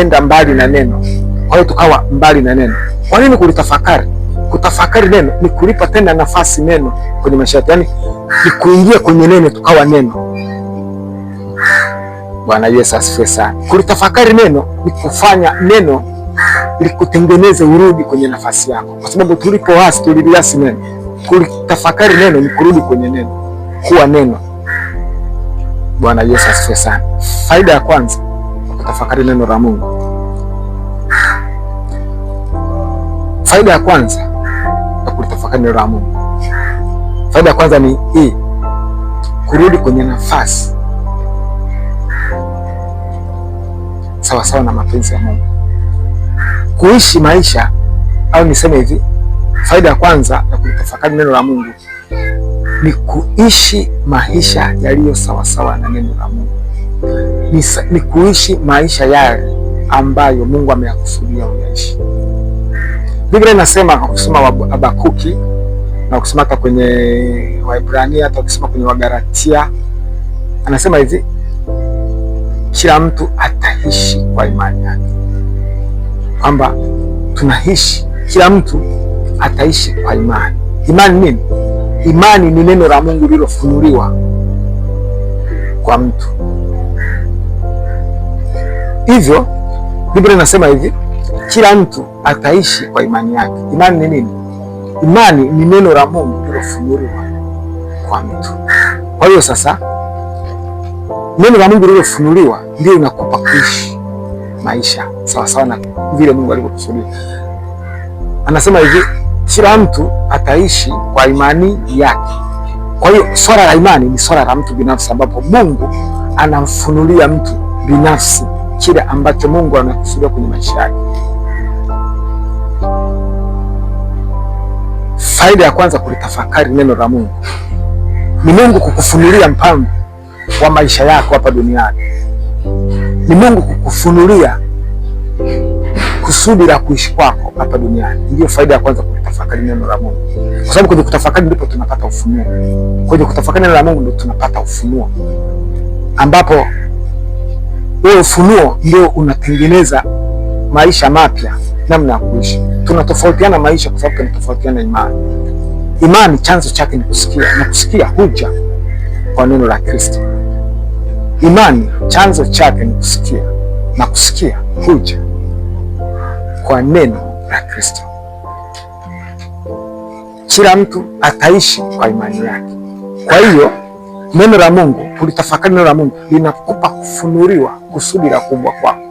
enda mbali na neno. Kwa hiyo tukawa mbali na neno. Kwa nini kulitafakari? Kutafakari neno ni kulipa tena nafasi neno kwenye maisha yetu, yaani ni kuingia kwenye neno, tukawa neno. Bwana Yesu asifiwe sana. Kulitafakari neno ni kufanya neno likutengeneze, urudi kwenye nafasi yako, kwa sababu tulipo hasi tuliliasi neno. Kulitafakari neno ni kurudi kwenye neno, kuwa neno. Bwana Yesu asifiwe sana. Faida ya kwanza kutafakari neno la Mungu. Faida ya kwanza ya kulitafakari neno la Mungu, faida ya kwanza ni hii, kurudi kwenye nafasi sawa sawa na mapenzi ya Mungu, kuishi maisha au niseme hivi, faida ya kwanza ya kulitafakari neno la Mungu ni kuishi maisha yaliyo sawasawa na neno la Mungu ni, ni kuishi maisha yale ambayo Mungu ameyakusudia uyaishi. Biblia inasema kwa kusoma Habakuki na kusoma hata kwenye Waibrania hata kusoma kwenye Wagalatia, anasema hivi, kila mtu ataishi kwa imani yake, kwamba tunaishi, kila mtu ataishi kwa imani. Imani nini? Imani ni neno la Mungu lililofunuliwa kwa mtu. Hivyo Biblia inasema hivi, kila mtu ataishi kwa imani yake. Imani ni nini? Imani ni neno la Mungu lilofunuliwa kwa mtu. Kwa hiyo sasa neno la Mungu lilofunuliwa ndio inakupa kuishi maisha sawasawa na vile Mungu alivyokusudia. Anasema hivi, kila mtu ataishi kwa imani yake. Kwa hiyo swala la imani ni swala la mtu binafsi, ambapo Mungu anamfunulia mtu binafsi kile ambacho Mungu anakusudia kwenye maisha yake. Faida ya kwanza, kulitafakari neno la Mungu. Ni Mungu kukufunulia mpango wa maisha yako hapa duniani. Ni Mungu kukufunulia kusudi la kuishi kwako hapa duniani. ndio faida ya kwanza, kulitafakari neno la Mungu, kwa sababu kwenye kutafakari ndipo tunapata ufunuo. Kwenye kutafakari neno la Mungu ndipo tunapata ufunuo ambapo wewe ufunuo ndio unatengeneza maisha mapya, namna ya kuishi. Tunatofautiana maisha kwa sababu tunatofautiana imani. Imani chanzo chake ni kusikia na kusikia huja kwa neno la Kristo. Imani chanzo chake ni kusikia na kusikia huja kwa neno la Kristo. Kila mtu ataishi kwa imani yake. Kwa hiyo Neno la Mungu, kulitafakari neno la Mungu linakupa kufunuliwa kusudi la kubwa kwako.